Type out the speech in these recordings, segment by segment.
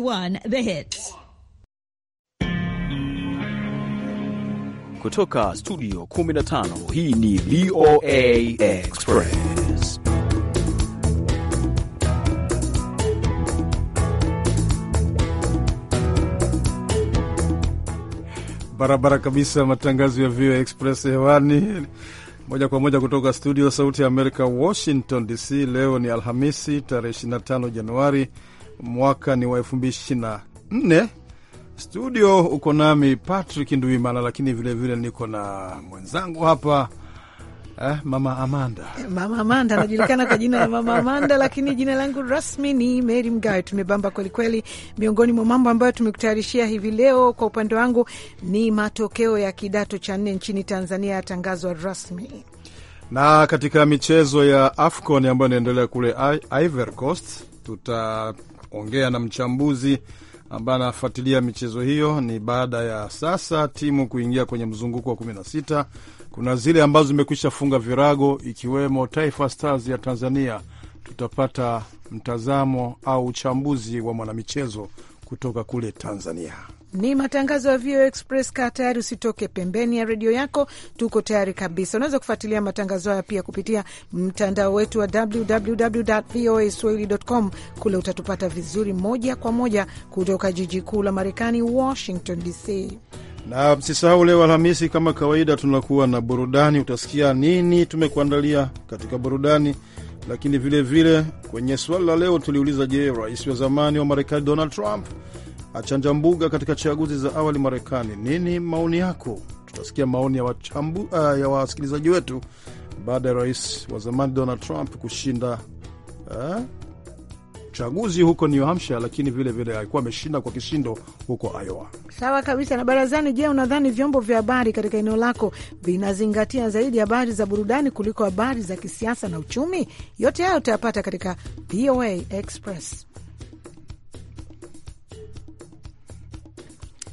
1 The Hits. Kutoka studio 15 hii ni VOA Express. Barabara kabisa, matangazo ya VOA Express hewani moja kwa moja kutoka studio sauti ya Amerika, Washington DC. Leo ni Alhamisi tarehe 25 Januari mwaka ni wa elfu mbili ishirini na nne. Studio uko nami Patrick Nduimana, lakini vilevile vile niko na mwenzangu hapa eh, mama Amanda. Mama Amanda anajulikana kwa jina la mama Amanda, lakini jina langu rasmi ni Meri Mgawe. Tumebamba kwelikweli. Miongoni mwa mambo ambayo tumekutayarishia hivi leo kwa upande wangu ni matokeo ya kidato cha nne nchini Tanzania yatangazwa rasmi, na katika michezo ya AFCON ambayo inaendelea kule Ivory Coast tuta ongea na mchambuzi ambaye anafuatilia michezo hiyo. Ni baada ya sasa timu kuingia kwenye mzunguko wa kumi na sita. Kuna zile ambazo zimekwisha funga virago ikiwemo Taifa Stars ya Tanzania. Tutapata mtazamo au uchambuzi wa mwanamichezo kutoka kule Tanzania. Ni matangazo ya VOA Express. Kaa tayari, usitoke pembeni ya redio yako, tuko tayari kabisa. Unaweza kufuatilia matangazo haya pia kupitia mtandao wetu wa www.voaswahili.com. Kule utatupata vizuri moja kwa moja kutoka jiji kuu la Marekani, Washington DC. Na msisahau leo Alhamisi, kama kawaida, tunakuwa na burudani. Utasikia nini tumekuandalia katika burudani, lakini vilevile vile, kwenye swali la leo tuliuliza, je, rais wa zamani wa Marekani Donald Trump achanja mbuga katika chaguzi za awali Marekani. Nini maoni yako? Tutasikia maoni ya, wachambu, uh, ya wasikilizaji wetu baada ya rais wa zamani Donald Trump kushinda uh, chaguzi huko New Hampshire, lakini vilevile alikuwa ameshinda kwa kishindo huko Iowa. Sawa kabisa na barazani. Je, unadhani vyombo vya habari katika eneo lako vinazingatia zaidi habari za burudani kuliko habari za kisiasa na uchumi? Yote hayo utayapata katika VOA Express.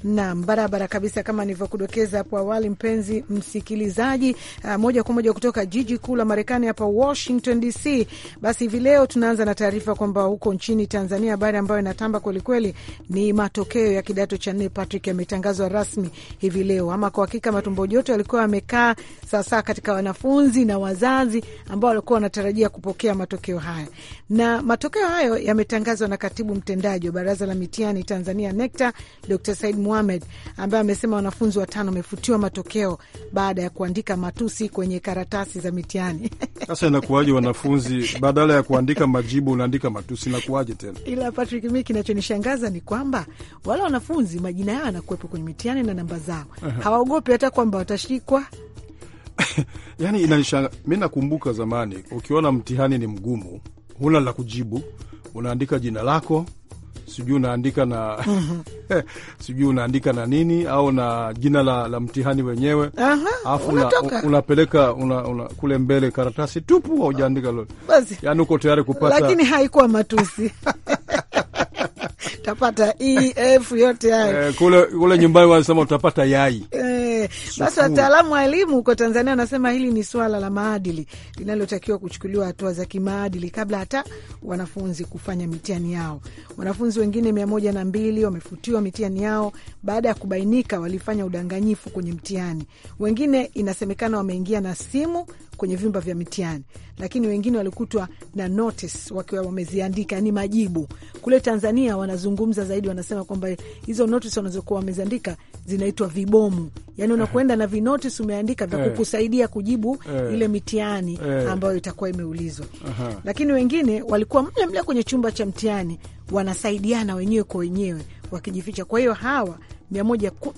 Naam, barabara kabisa kama nilivyokudokeza hapo awali, mpenzi msikilizaji, uh, moja kwa moja kutoka jiji kuu la Marekani hapa Washington DC. Basi hivi leo tunaanza na taarifa kwamba huko nchini Tanzania, habari ambayo inatamba kwelikweli ni matokeo ya kidato cha nne Patrick yametangazwa rasmi hivi leo. Ama kwa hakika matumbo joto yalikuwa yamekaa sasa katika wanafunzi na wazazi ambao walikuwa wanatarajia kupokea matokeo haya, na matokeo hayo yametangazwa na katibu mtendaji wa baraza la mitihani Tanzania NECTA Dr Said muhamed ambaye amesema wanafunzi watano wamefutiwa matokeo baada ya kuandika matusi kwenye karatasi za mitihani. Sasa inakuwaje? Wanafunzi badala ya kuandika majibu unaandika matusi, inakuwaje tena? Ila Patrick, mi kinachonishangaza ni kwamba wale wanafunzi majina yao yanakuwepo kwenye mitihani na namba zao, hawaogopi hata kwamba watashikwa. Yani inanishangaza mi, nakumbuka zamani ukiona mtihani ni mgumu huna la kujibu, unaandika jina lako sijui unaandika na mhm. sijui unaandika na nini au na jina la, la mtihani wenyewe, alafu unapeleka una, una, kule mbele karatasi tupu, haujaandika lolote, yaani uko tayari kupata. Lakini haikuwa matusi utapata ef yote hayo. Eh, kule kule nyumbani wanasema utapata yai. Basi eh, wataalamu wa elimu huko Tanzania wanasema hili ni swala la maadili linalotakiwa kuchukuliwa hatua za kimaadili kabla hata wanafunzi kufanya mitihani yao. Wanafunzi wengine mia moja na mbili wamefutiwa mitihani yao baada ya kubainika walifanya udanganyifu kwenye mtihani. Wengine inasemekana wameingia na simu kwenye vyumba vya mitihani, lakini wengine walikutwa na notice wakiwa wameziandika ni majibu. Kule Tanzania wanazungumza zaidi, wanasema kwamba hizo notice wanazokuwa wameziandika zinaitwa vibomu, yani unakwenda na vinotice umeandika vya eh. kukusaidia kujibu eh. ile mitihani eh. ambayo itakuwa imeulizwa. Lakini wengine walikuwa mle mle kwenye chumba cha mtihani wanasaidiana wenyewe kwa wenyewe wakijificha. Kwa hiyo hawa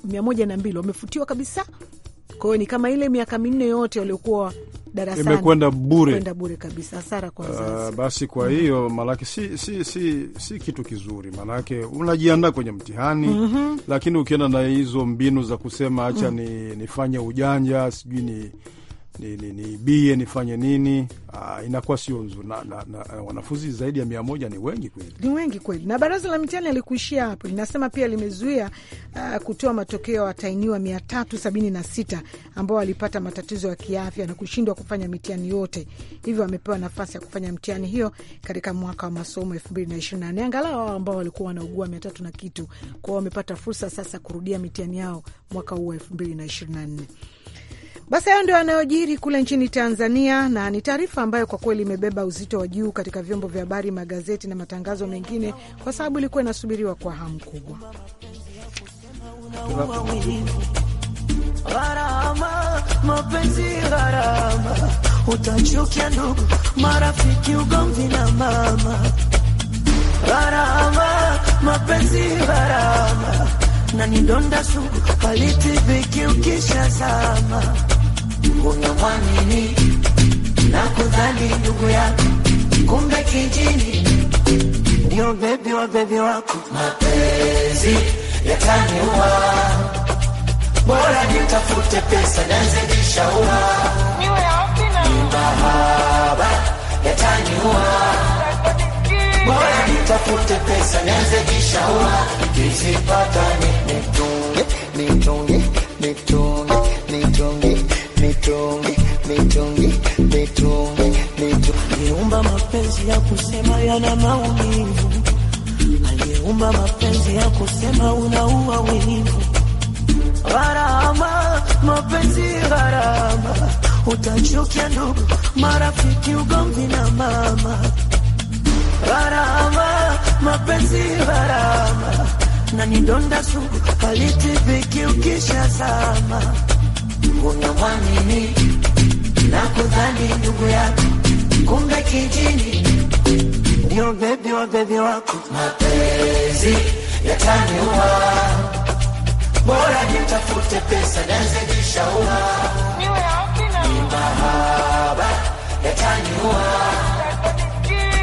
mia moja na mbili wamefutiwa kabisa. Kwa hiyo ni kama ile miaka minne yote waliokuwa darasani imekwenda bure, bure kabisa, hasara kwa Uh, basi kwa mm-hmm. hiyo mm -hmm. Maanake si, si, si, si kitu kizuri, maanake unajiandaa kwenye mtihani mm -hmm. Lakini ukienda na hizo mbinu za kusema hacha mm -hmm. ni, nifanye ujanja sijui ni ni, ni, ni bie nifanye nini? Uh, inakuwa sio nzuri na, na, na eh, wanafunzi zaidi ya mia moja ni wengi kweli, ni wengi kweli. Na baraza la mitihani alikuishia hapo, linasema pia limezuia uh, kutoa matokeo watainiwa mia tatu sabini na sita ambao walipata matatizo ya wa kiafya na kushindwa kufanya mitihani yote, hivyo wamepewa nafasi ya kufanya mtihani hiyo katika mwaka wa masomo elfu mbili na ishirini na nne angalau wao ambao walikuwa wanaugua mia tatu na kitu kwao wamepata fursa sasa kurudia mitihani yao mwaka huu wa elfu mbili na ishirini na nne. Basi hayo ndio yanayojiri kule nchini Tanzania, na ni taarifa ambayo kwa kweli imebeba uzito wa juu katika vyombo vya habari, magazeti na matangazo mengine, kwa sababu ilikuwa inasubiriwa kwa hamu kubwa. mapenzi gharama, utachukia ndugu, marafiki, ugomvi na mama. Gharama, mapenzi gharama, na ni donda sugu unamwamini na kudhani ndugu yako, kumbe kijini ndio bebi wa bebi wako. Mapenzi yataniua, bora nitafute pesa nazijishaua. Mahaba yataniua, nitafute pesa nazijishaua. Nikizipata nitunge nitunge nitunge nitunge mitungi mitungi mitungi mitungi. Aliumba mapenzi ya kusema yana maumivu, aliumba mapenzi ya kusema unaua wivu. Gharama mapenzi gharama, utachukia ndugu, marafiki, ugomvi na mama. Gharama mapenzi gharama, na nidonda donda sugu halitibiki ukishazama unamwamini na kudhani ndugu yako, kumbe kijini ndio bebi wa bebi wako. Mapenzi yataniua, bora nitafute pesa nazejishaua. Mahaba yataniua,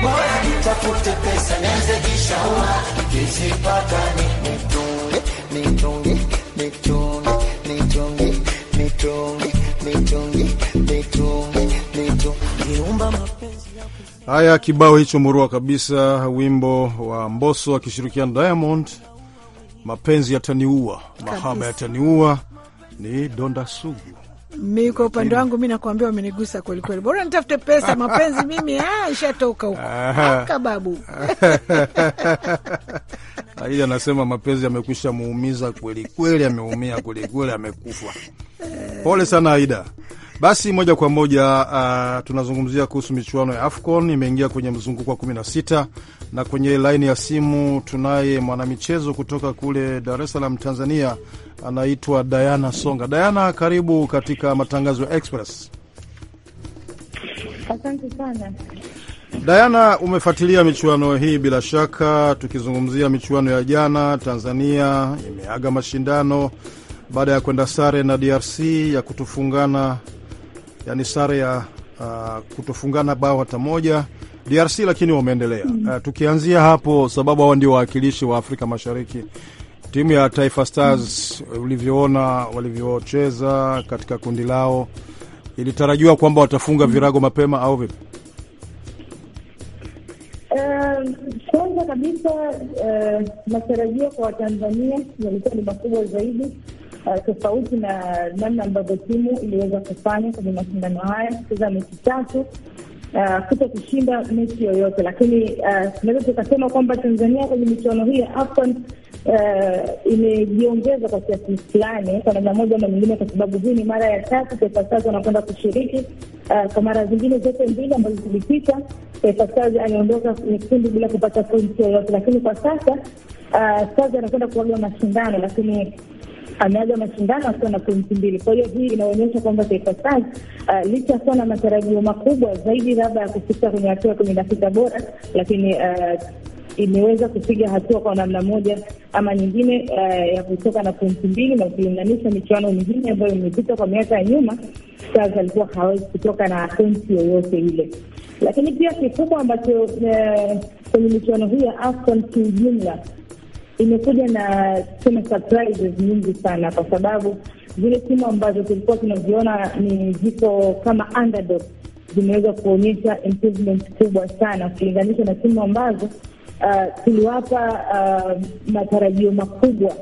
bora nitafute pesa nazejishaua. Ikizipata ni mitunge mitunge mitunge Haya, kibao hicho murua kabisa, wimbo wa mboso akishirikiana Diamond, mapenzi yataniua, mahaba yataniua, ni donda sugu. Mi kwa upande wangu mi nakuambia, wamenigusa kwelikweli. Bora nitafute pesa, mapenzi mimi ah, ishatoka huko kababu. Aili anasema mapenzi amekwisha muumiza kwelikweli, ameumia kwelikweli, amekufa Pole sana Aida. Basi moja kwa moja uh, tunazungumzia kuhusu michuano ya AFCON imeingia kwenye mzunguko wa kumi na sita na kwenye laini ya simu tunaye mwanamichezo kutoka kule Dar es Salaam, Tanzania, anaitwa Diana Songa. Diana, karibu katika matangazo ya Express. Asante sana Diana, umefuatilia michuano hii bila shaka, tukizungumzia michuano ya jana, Tanzania imeaga mashindano baada ya kwenda sare na DRC ya kutofungana, yani sare ya uh, kutofungana bao hata moja DRC, lakini wameendelea mm. Uh, tukianzia hapo, sababu hawa ndio wawakilishi wa Afrika Mashariki. Timu ya Taifa Stars mm. ulivyoona walivyocheza katika kundi lao, ilitarajiwa kwamba watafunga mm. virago mapema au vipi? Eh, kwanza kabisa eh, matarajio kwa Watanzania yalikuwa ni makubwa zaidi uh, tofauti na namna ambavyo timu iliweza kufanya kwenye mashindano haya, kucheza mechi tatu uh, kuto kushinda mechi yoyote. Lakini uh, tunaweza uh, tukasema kwamba Tanzania kwenye michuano hii ya AFCON uh, imejiongeza kwa kiasi fulani, kwa namna moja ama nyingine, kwa sababu hii ni mara ya tatu Taifa Stars wanakwenda kushiriki. Uh, kwa mara zingine zote mbili ambazo zilipita Taifa Stars aliondoka kwenye kikundi bila kupata pointi yoyote, lakini kwa sasa uh, Stars anakwenda kuaga mashindano lakini ameaga mashindano akiwa na pointi mbili. Kwa hiyo hii inaonyesha kwamba Taifa Stars uh, licha ya kuwa na matarajio makubwa zaidi labda ya kufika kwenye hatua ya kumi na sita bora, lakini uh, imeweza kupiga hatua kwa namna moja ama nyingine uh, ya kutoka na pointi mbili, na ukilinganisha michuano mingine ambayo imepita kwa miaka ya nyuma, Stars alikuwa hawezi kutoka na pointi yoyote ile. Lakini pia kikubwa ambacho uh, kwenye michuano hii ya AFCON kiujumla imekuja na tuseme surprises nyingi sana, kwa sababu zile timu ambazo tulikuwa tunaziona ni ziko kama underdog zimeweza kuonyesha improvement kubwa sana ukilinganisha na timu ambazo uh, tuliwapa uh, matarajio makubwa.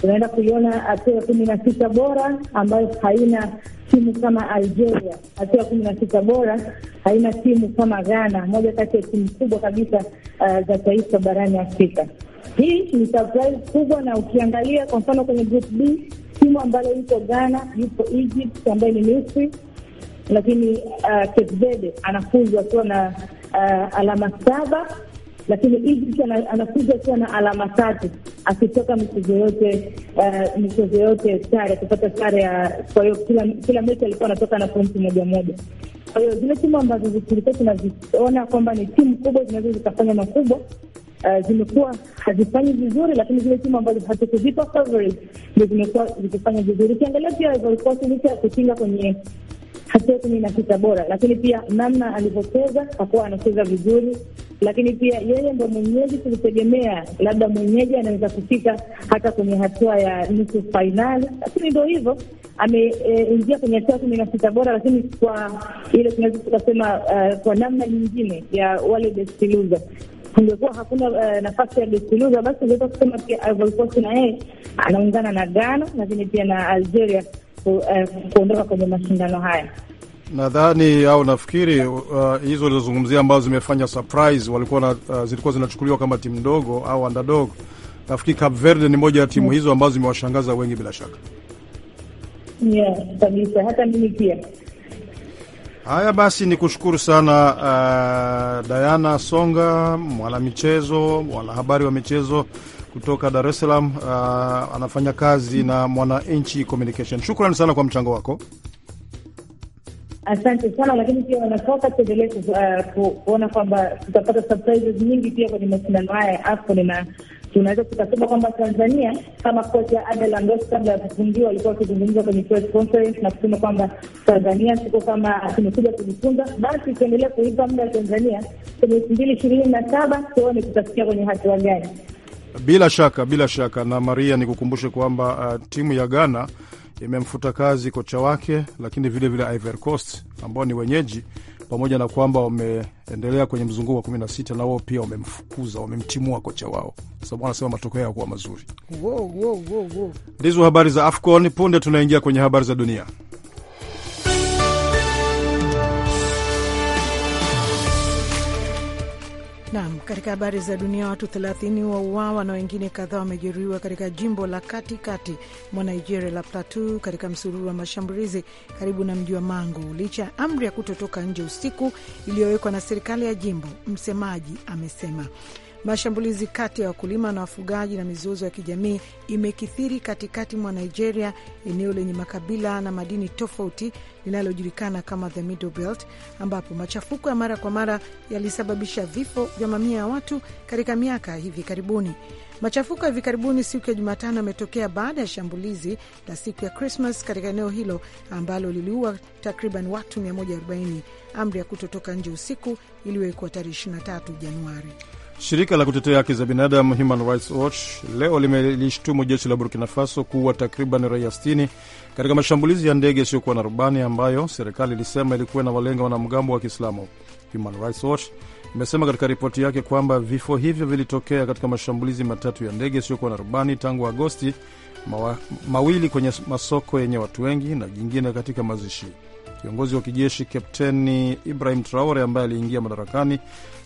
Tunaenda kuiona hatua ya kumi na sita bora ambayo haina timu kama Algeria, hatua ya kumi na sita bora haina timu kama Ghana, moja kati ya timu kubwa kabisa uh, za taifa barani Afrika. Hii ni surprise kubwa, na ukiangalia kwa mfano kwenye group B timu ambayo iko Ghana, yupo Egypt ambayo ni Misri, lakini uh, Cape Verde anafuzwa akiwa na uh, alama saba, lakini Egypt anafuzwa akiwa na alama tatu, akitoka michezo yote uh, michezo yote sare, akipata sare ya. Kwa hiyo kila, kila mechi alikuwa anatoka na pointi moja moja. Kwa hiyo zile timu ambazo tulikuwa tunaziona kwamba ni timu kubwa zinaweza zikafanya makubwa Eh, zimekuwa hazifanyi vizuri, lakini zile timu ambazo hatukuzipa coverage ndio zimekuwa zikifanya vizuri. Ukiangalia pia Ivory licha ya kutinga kwenye hatua kumi na sita bora, lakini pia namna alivyocheza hakuwa anacheza vizuri, lakini pia yeye ndo mwenyeji. Tulitegemea labda mwenyeji anaweza kufika hata kwenye hatua ya nusu fainali, lakini ndo hivyo ameingia eh, e, kwenye hatua kumi na sita bora, lakini kwa ile tunaweza tukasema, uh, kwa namna nyingine ya wale best loser kungekuwa hakuna uh, nafasi ya Bisiluza, basi ungeweza kusema pia Ivory Coast na yeye anaungana na Ghana, lakini pia na Algeria eh, kuondoka uh, kwenye mashindano haya. Nadhani au nafikiri uh, hizo uh, ulizozungumzia ambazo zimefanya surprise walikuwa na, uh, zilikuwa zinachukuliwa kama timu ndogo au underdog. Nafikiri Cape Verde ni moja ya timu mm. hizo ambazo zimewashangaza wengi bila shaka. Yeah, kabisa, hata mimi pia Haya basi, ni kushukuru sana uh, Diana Songa, mwanamichezo, mwanahabari wa michezo kutoka Dar es Salaam. Uh, anafanya kazi na Mwananchi Communication. Shukrani sana kwa mchango wako. Asante sana lakini pia wanatoka tuendelee uh, kuona kwamba tutapata surprises nyingi pia kwenye mashindano haya ya AFCON na tunaweza tukasema kwamba Tanzania kama kocha Adel Andos kabla ya kufungiwa walikuwa wakizungumza kwenye press conference na kusema kwamba Tanzania tuko kama tumekuja kujifunza, basi tuendelea kuipa muda Tanzania kwenye elfu mbili ishirini na saba tuone tutafikia kwenye hatua gani. Bila shaka, bila shaka. Na Maria, nikukumbushe kwamba uh, timu ya Ghana imemfuta kazi kocha wake, lakini vilevile Ivory Coast ambao ni wenyeji pamoja na kwamba wameendelea kwenye mzunguko wa kumi na sita na wao pia wamemfukuza, wamemtimua kocha wao, sababu wanasema matokeo yakuwa mazuri. Ndizo habari za AFCON. Punde tunaingia kwenye habari za dunia. Nam, katika habari za dunia, watu 30 wauawa na wengine kadhaa wamejeruhiwa katika jimbo la katikati mwa Nigeria la Plateau katika msururu wa mashambulizi karibu na mji wa Mangu, licha ya amri ya kutotoka nje usiku iliyowekwa na serikali ya jimbo, msemaji amesema. Mashambulizi kati ya wakulima na wafugaji na mizozo ya kijamii imekithiri katikati mwa Nigeria, eneo lenye makabila na madini tofauti linalojulikana kama the Middle Belt, ambapo machafuko ya mara kwa mara yalisababisha vifo vya mamia ya watu katika miaka hivi karibuni. Machafuko ya hivi karibuni siku ya Jumatano yametokea baada ya shambulizi la siku ya Krismas katika eneo hilo ambalo liliua takriban watu 140. Amri ya kutotoka nje usiku iliwekwa tarehe 23 Januari. Shirika la kutetea haki za binadamu Human Rights Watch leo limelishtumu jeshi la Burkina Faso kuua takriban raia 60 katika mashambulizi ya ndege isiyokuwa na rubani ambayo serikali ilisema ilikuwa inawalenga wanamgambo wa Kiislamu. Human Rights Watch imesema katika ripoti yake kwamba vifo hivyo vilitokea katika mashambulizi matatu ya ndege isiyokuwa na rubani tangu Agosti, mawa, mawili kwenye masoko yenye watu wengi na jingine katika mazishi. Kiongozi wa kijeshi Kapteni Ibrahim Traore ambaye aliingia madarakani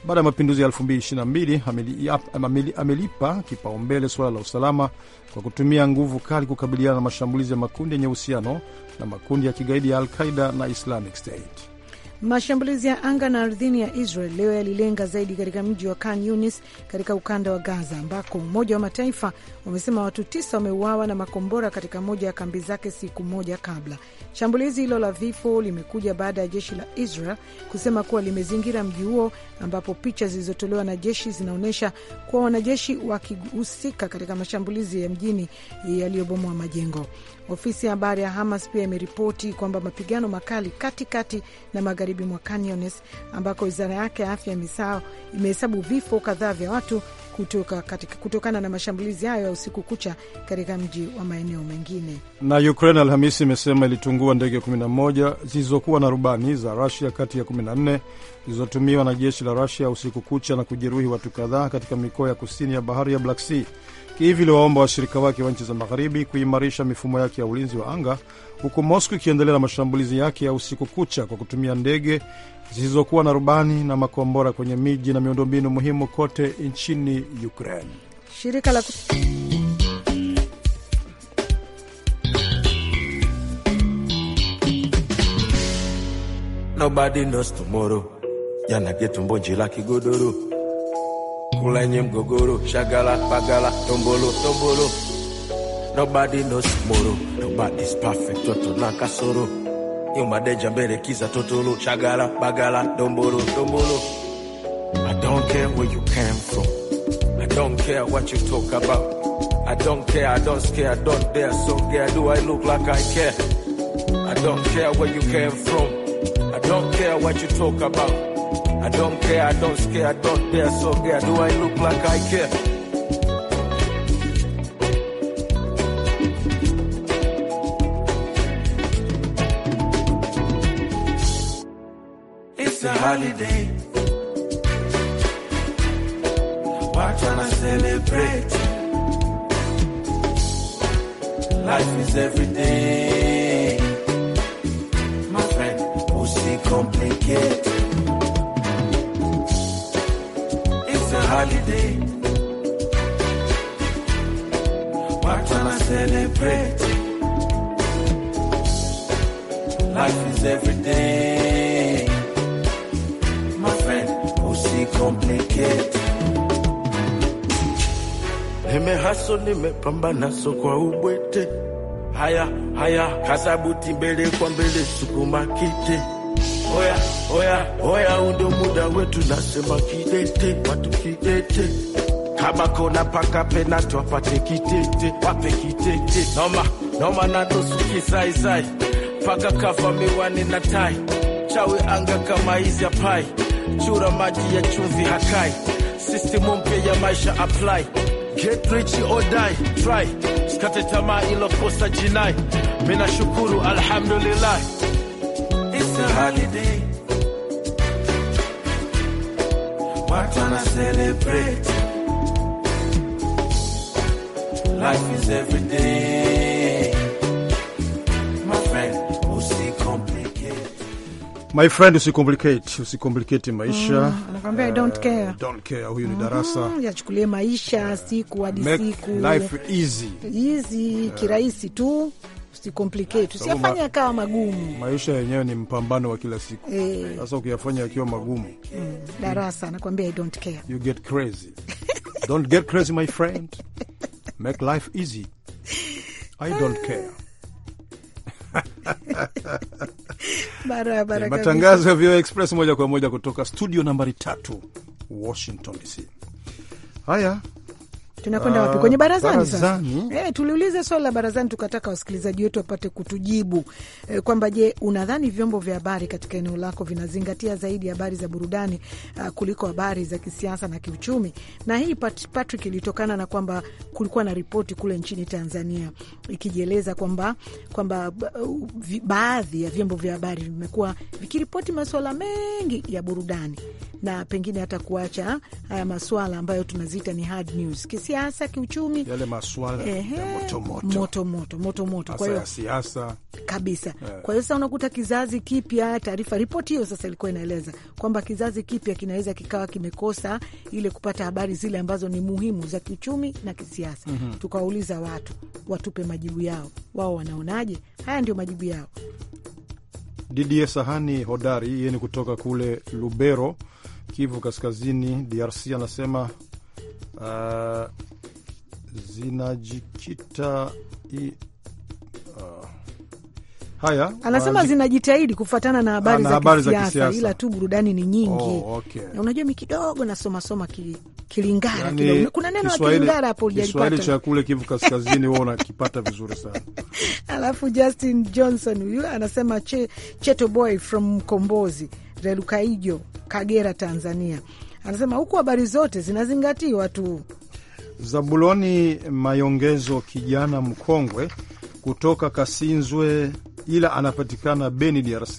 baada ya mapinduzi ya 2022 amelipa kipaumbele suala la usalama kwa kutumia nguvu kali kukabiliana na mashambulizi ya makundi yenye uhusiano na makundi ya kigaidi ya Al Qaida na Islamic State. Mashambulizi ya anga na ardhini ya Israel leo yalilenga zaidi katika mji wa Khan Yunis katika ukanda wa Gaza, ambako Umoja wa Mataifa umesema watu tisa wameuawa na makombora katika moja ya kambi zake siku moja kabla. Shambulizi hilo la vifo limekuja baada ya jeshi la Israel kusema kuwa limezingira mji huo, ambapo picha zilizotolewa na jeshi zinaonyesha kuwa wanajeshi wakihusika katika mashambulizi ya mjini yaliyobomoa majengo. Ofisi ya habari ya Hamas pia imeripoti kwamba mapigano makali katikati kati na magharibi mwa Canyones ambako wizara yake ya afya ya misao imehesabu vifo kadhaa vya watu kutoka katika, kutokana na mashambulizi hayo ya usiku kucha katika mji wa maeneo mengine. Na Ukraine Alhamisi imesema ilitungua ndege 11 zilizokuwa na rubani za Rusia kati ya 14 zilizotumiwa na jeshi la Rusia usiku kucha na kujeruhi watu kadhaa katika mikoa ya kusini ya bahari ya Black Sea. Kiev iliwaomba washirika wake wa nchi za magharibi kuimarisha mifumo yake ya ulinzi wa anga, huku mosco ikiendelea na mashambulizi yake ya usiku kucha kwa kutumia ndege zisizokuwa na rubani na makombora kwenye miji na miundombinu muhimu kote nchini Ukraine. Shirika la Nobody knows tomorrow, jana getumbo njila kigodoro shagala bagala, tombolo tombolo. Nobody knows nobody's perfect, toto mbele kiza totolo, shagala bagala, tombolo tombolo. I don't care where you came from, I don't care what you talk about. I don't care, I don't care, I don't dare, so care, do I look like I care? I don't care where you came from, I don't care what you talk about. I don't care, I don't scare, I don't dare, so care. Do I look like I care? It's a holiday. Why tryna celebrate? Life is every day. My friend, pussy complicated? holiday. We're gonna celebrate. Life is every day. My friend, oh see complicate. Nimehaswa, nimepambana so kwa ubwete. Haya haya, kasabuti mbele kwa mbele, sukuma kite oya oya oya, undo muda wetu, nasema kidete, watu kidete, kama kona paka penatu wapate kitete, wape kitete, noma noma na nusu kizaizai paka kafa miwani na tai, chawi anga kama hizi hapai, chura maji ya chumvi hakai, sistemu mpya ya maisha apply, get rich or die try, skate tamaa ilokosa jinai, mina shukuru alhamdulillah a holiday. What wanna celebrate? Life is every day. My friend, usicomplicate. usicomplicate, maisha. Mm, don't care. Eh, don't care. Huyu ni mm Darasa. Yachukulie maisha siku hadi siku. Make life easy. Easy, Kirahisi tu magumu. Maisha yenyewe ni mpambano wa kila siku eh. sasa, ukiyafanya akiwa magumu mm, darasa I don't care, you get crazy don't get crazy my friend, make life easy, I don't care Barabara, matangazo ya VOA Express moja kwa moja kutoka studio nambari tatu Washington DC. Haya, tunakwenda ah, wapi? Kwenye barazani, barazani. Sasa e, eh, tuliuliza swali la barazani tukataka wasikilizaji wetu wapate kutujibu e, kwamba je, unadhani vyombo vya habari katika eneo lako vinazingatia zaidi habari za burudani a, ah, kuliko habari za kisiasa na kiuchumi? Na hii Pat, Patrick ilitokana na kwamba kulikuwa na ripoti kule nchini Tanzania ikijieleza kwamba kwamba uh, baadhi ya vyombo vya habari vimekuwa vikiripoti masuala mengi ya burudani na pengine hata kuacha haya masuala ambayo tunaziita ni hard news kisiasa kisiasa, kiuchumi, yale maswala moto moto moto moto, kwa hiyo siasa kabisa. Eh. Kwa hiyo sasa unakuta kizazi kipya, taarifa ripoti hiyo sasa ilikuwa inaeleza kwamba kizazi kipya kinaweza kikawa kimekosa ile kupata habari zile ambazo ni muhimu za kiuchumi na kisiasa. mm -hmm. Tukawauliza watu watupe majibu yao, wao wanaonaje? Haya ndio majibu yao. Didie Sahani hodari, yeye ni kutoka kule Lubero, Kivu Kaskazini, DRC, anasema uh, zinajikita i, uh, haya anasema uh, zinajitahidi kufuatana na habari ah, za kisiasa ila tu burudani ni nyingi. Oh, okay. Na unajua mi kidogo nasomasoma ki, kilingara yani, kidogo kuna neno la kilingara hapo Kiswahili cha kule Kivu Kaskazini wewe unakipata vizuri sana alafu Justin Johnson huyu anasema che, Cheto Boy from Mkombozi Relukaijo Kagera Tanzania Anasema huku habari zote zinazingatiwa tu. Zabuloni Mayongezo, kijana mkongwe kutoka Kasinzwe ila anapatikana Beni, DRC,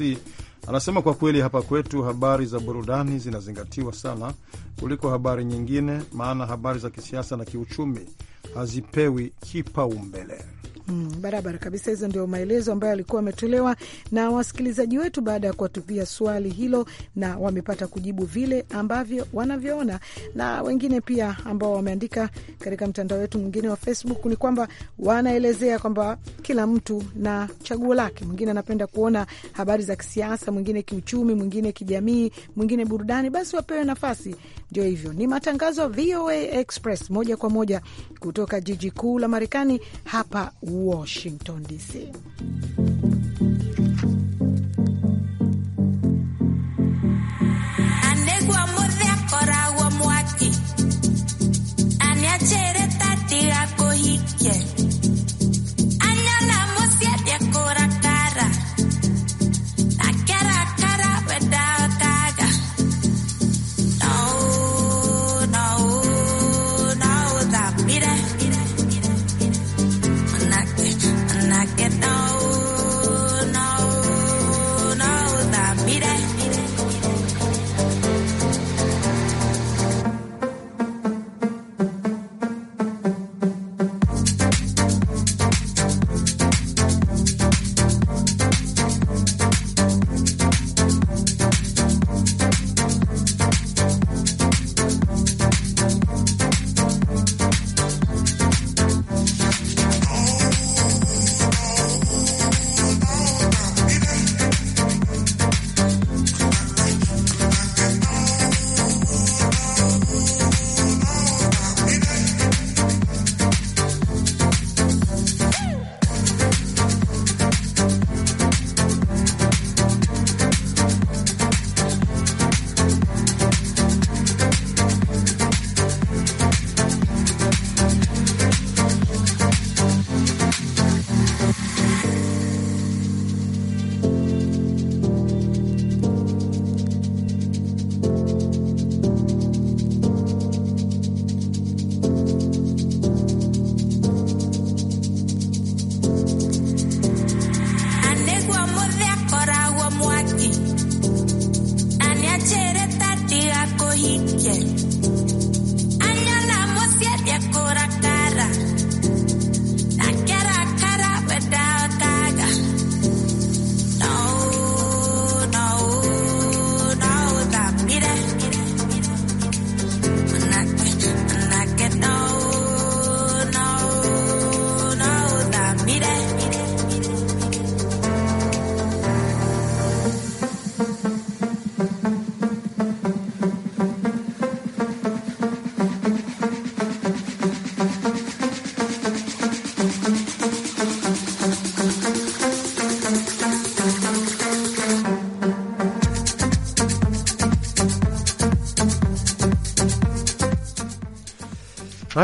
anasema kwa kweli hapa kwetu habari za burudani zinazingatiwa sana kuliko habari nyingine, maana habari za kisiasa na kiuchumi hazipewi kipaumbele. Mm, barabara kabisa. Hizo ndio maelezo ambayo alikuwa ametolewa na wasikilizaji wetu baada ya kuwatupia swali hilo, na wamepata kujibu vile ambavyo wanavyoona, na wengine pia ambao wameandika katika mtandao wetu mwingine wa Facebook ni kwamba wanaelezea kwamba kila mtu na chaguo lake. Mwingine anapenda kuona habari za kisiasa, mwingine kiuchumi, mwingine kijamii, mwingine burudani. Basi wapewe nafasi ndio hivyo, ni matangazo ya VOA Express moja kwa moja kutoka jiji kuu la Marekani, hapa Washington DC.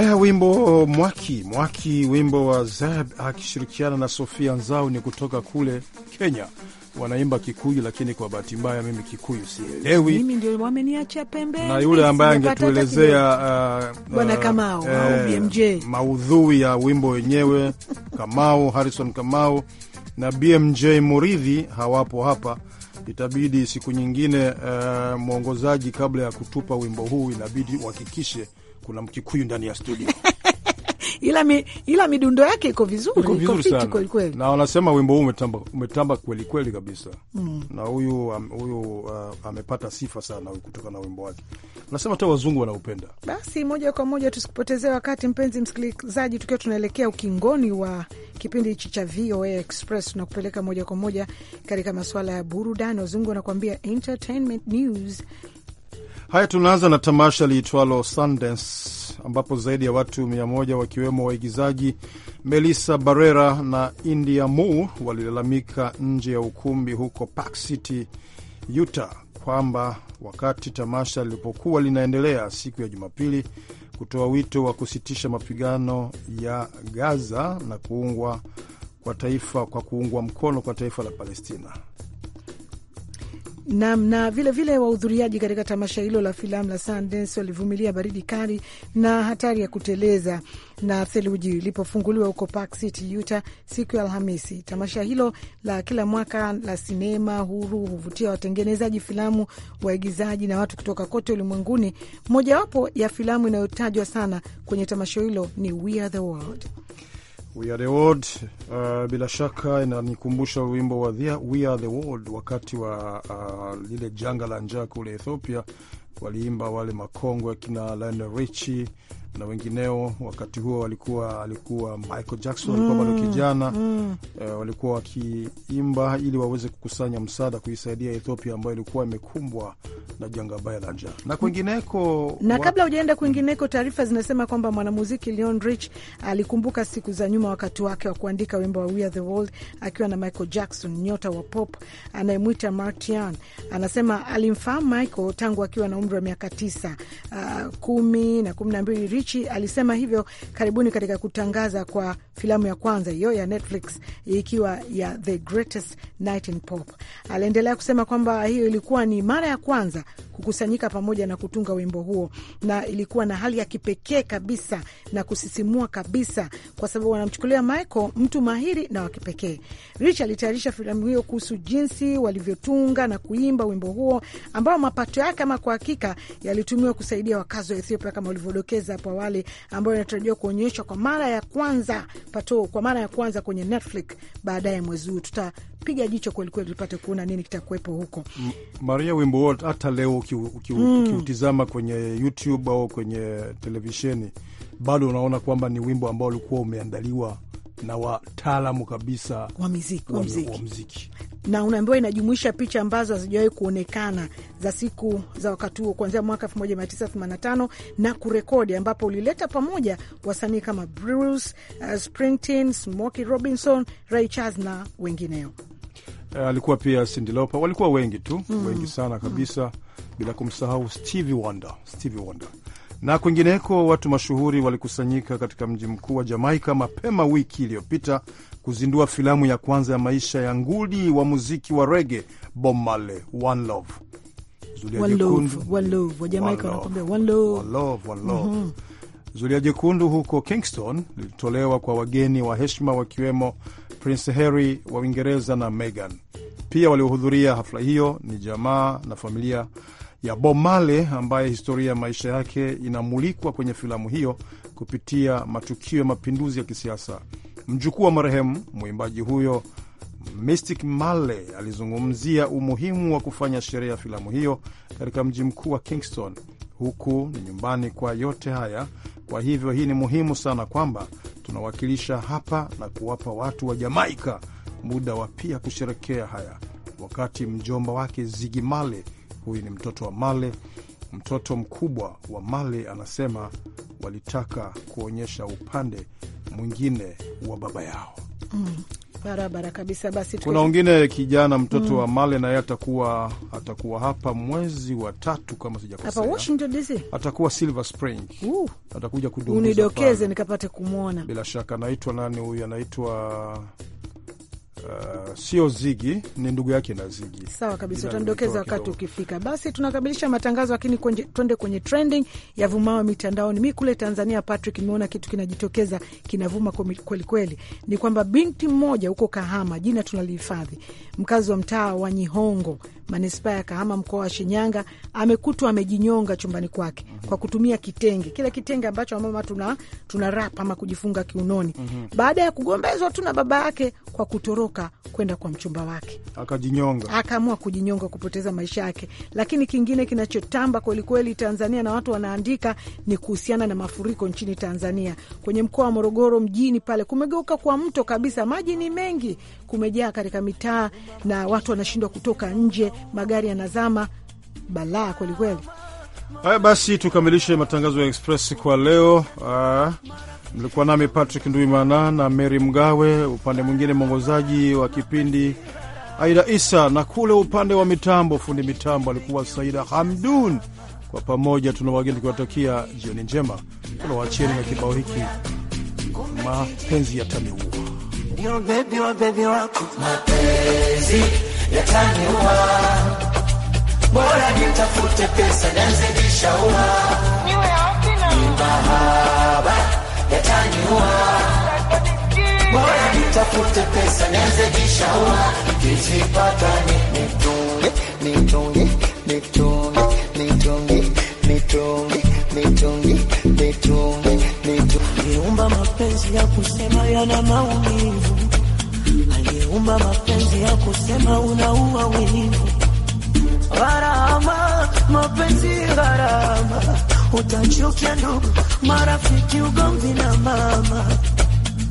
Haya, wimbo Mwaki Mwaki, wimbo wa Zab akishirikiana na Sofia Nzau ni kutoka kule Kenya. Wanaimba Kikuyu, lakini kwa bahati mbaya mimi Kikuyu sielewi. Mimi ndio wameniacha pembeni, na yule ambaye angetuelezea uh, uh, Kamau, eh, maudhui ya wimbo wenyewe Kamau Harrison Kamau na BMJ Muridhi hawapo hapa itabidi siku nyingine, uh, mwongozaji, kabla ya kutupa wimbo huu, inabidi uhakikishe kuna Mkikuyu ndani ya studio ila, mi, ila midundo yake iko vizuri, iko vizuri sana kweli, na wanasema wimbo huu umetamba, umetamba kwelikweli kabisa mm. na huyu huyu uh, amepata sifa sana kutoka na wimbo wake, nasema hata wazungu wanaupenda. Basi moja kwa moja tusikupotezea wakati, mpenzi msikilizaji, tukiwa tunaelekea ukingoni wa kipindi hichi cha VOA Express, tunakupeleka moja kwa moja katika masuala ya burudani. Wazungu wanakuambia entertainment news Haya, tunaanza na tamasha liitwalo Sundance ambapo zaidi ya watu mia moja wakiwemo waigizaji Melissa Barrera na India Mu walilalamika nje ya ukumbi huko Park City, Utah kwamba wakati tamasha lilipokuwa linaendelea siku ya Jumapili kutoa wito wa kusitisha mapigano ya Gaza na kuungwa kwa taifa kwa kuungwa mkono kwa taifa la Palestina. Nam na vilevile wahudhuriaji katika tamasha hilo la filamu la Sundance walivumilia baridi kali na hatari ya kuteleza na theluji ilipofunguliwa huko Park City, Utah siku ya Alhamisi. Tamasha hilo la kila mwaka la sinema huru huvutia watengenezaji filamu, waigizaji na watu kutoka kote ulimwenguni. Mojawapo ya filamu inayotajwa sana kwenye tamasha hilo ni We Are The World. We are the world. Uh, bila shaka inanikumbusha wimbo wa the, We are the world wakati wa uh, lile janga la njaa kule Ethiopia, waliimba wale makongwe kina Lionel Richie na wengineo. Wakati huo walikuwa alikuwa Michael Jackson mm, alikuwa bado mm, kijana mm. E, walikuwa wakiimba ili waweze kukusanya msaada kuisaidia Ethiopia ambayo ilikuwa imekumbwa na janga baya la njaa na kwingineko. Na kabla hujaenda kwingineko, taarifa zinasema kwamba mwanamuziki Leon Rich alikumbuka siku za nyuma wakati wake wa kuandika wimbo wa We Are The World akiwa na Michael Jackson, nyota wa pop anayemwita Martian. Anasema alimfahamu Michael tangu akiwa na umri wa miaka tisa, uh, kumi na kumi na mbili Kibichi alisema hivyo karibuni katika kutangaza kwa filamu ya kwanza hiyo ya Netflix ikiwa ya The Greatest Night in Pop. Aliendelea kusema kwamba hiyo ilikuwa ni mara ya kwanza kukusanyika pamoja na kutunga wimbo huo, na ilikuwa na hali ya kipekee kabisa na kusisimua kabisa, kwa sababu wanamchukulia Michael mtu mahiri na wa kipekee. Rich alitayarisha filamu hiyo kuhusu jinsi walivyotunga na kuimba wimbo huo ambao mapato yake ama kwa hakika yalitumiwa kusaidia wakazi wa Ethiopia kama ulivyodokeza hapo awali, ambayo inatarajiwa kuonyeshwa kwa mara ya kwanza pato kwa mara ya kwanza kwenye Netflix baadaye mwezi huu. Tutapiga jicho kwelikweli tupate kuona nini kitakuwepo huko. M Maria, wimbo huo hata leo Hmm. ukiutizama uki, mm. kwenye YouTube au kwenye televisheni bado unaona kwamba ni wimbo ambao ulikuwa umeandaliwa na wataalamu kabisa wa muziki, wa muziki. Wa muziki na unaambiwa inajumuisha picha ambazo hazijawahi kuonekana za siku za wakati huo kuanzia mwaka 1985 na kurekodi, ambapo ulileta pamoja wasanii kama Bruce uh, Springsteen, Smokey Robinson, Ray Charles na wengineo. Eh, alikuwa pia Cyndi Lauper, walikuwa wengi tu mm. wengi sana hmm. kabisa mm bila kumsahau Stevie Wonder, Stevie Wonder. Na kwingineko, watu mashuhuri walikusanyika katika mji mkuu wa Jamaika mapema wiki iliyopita kuzindua filamu ya kwanza ya maisha ya ngudi wa muziki wa rege Bob Marley, One Love. Zulia Jekundu huko Kingston lilitolewa kwa wageni wa heshima wakiwemo Prince Harry wa Uingereza na Meghan. Pia waliohudhuria hafla hiyo ni jamaa na familia ya Bob Marley ambaye historia ya maisha yake inamulikwa kwenye filamu hiyo kupitia matukio ya mapinduzi ya kisiasa. Mjukuu wa marehemu mwimbaji huyo Mystic Marley alizungumzia umuhimu wa kufanya sherehe ya filamu hiyo katika mji mkuu wa Kingston. Huku ni nyumbani kwa yote haya, kwa hivyo hii ni muhimu sana kwamba tunawakilisha hapa na kuwapa watu wa Jamaika muda wa pia kusherekea haya. Wakati mjomba wake Ziggy Marley Huyu ni mtoto wa Male, mtoto mkubwa wa Male. Anasema walitaka kuonyesha upande mwingine wa baba yao. Mm. Barabara kabisa. Basi kuna wengine kijana mtoto mm. wa Male naye atakuwa atakuwa hapa mwezi wa tatu kama sijakosea, Washington DC, atakuwa Silver Spring. Uh, atakuja kudokeze nikapate kumwona bila shaka. Anaitwa nani huyu? Anaitwa Uh, sio Zigi, ni ndugu yake na Zigi. Sawa kabisa, utandokeza wakati ukifika. Basi tunakamilisha matangazo, lakini twende kwenye trending ya vumao mitandaoni. Mi kule Tanzania, Patrick, nimeona kitu kinajitokeza kinavuma kwelikweli, ni kwamba binti mmoja huko Kahama, jina tunalihifadhi, mkazi wa mtaa wa Nyihongo manispaa ya Kahama, mkoa wa Shinyanga, amekutwa amejinyonga chumbani kwake kwa kutumia kitenge, kile kitenge ambacho mama tuna, tuna rap ama kujifunga kiunoni mhm. Baada ya kugombezwa tu na baba yake kwa kutoroka kwenda kwa mchumba wake, akajinyonga, akaamua kujinyonga, kupoteza maisha yake. Lakini kingine kinachotamba kwelikweli Tanzania na watu wanaandika ni kuhusiana na mafuriko nchini Tanzania. Kwenye mkoa wa Morogoro mjini pale kumegeuka kwa mto kabisa, maji ni mengi kumejaa katika mitaa na watu wanashindwa kutoka nje, magari yanazama, balaa kwelikweli. Haya basi, tukamilishe matangazo ya Express kwa leo. Aa, ah, mlikuwa nami Patrick Nduimana na Mary Mgawe, upande mwingine mwongozaji wa kipindi Aida Isa, na kule upande wa mitambo, fundi mitambo alikuwa Saida Hamdun. Kwa pamoja tuna wageni tukiwatakia jioni njema, tunawachieni na kibao hiki, mapenzi ya tamiu Yo baby wa baby wako mapenzi yataniua, bora nitafute pesa nianzidisha ua mahaba yataniua, bora nitafute pesa nianzidisha ua ikizipata nitunge nitunge nitunge nitunge nitunge nitunge nitunge aliyeumba mapenzi ya kusema yana maumivu, aliyeumba mapenzi ya kusema unaua wivu. Gharama mapenzi gharama, utachukia ndugu, marafiki, ugomvi na mama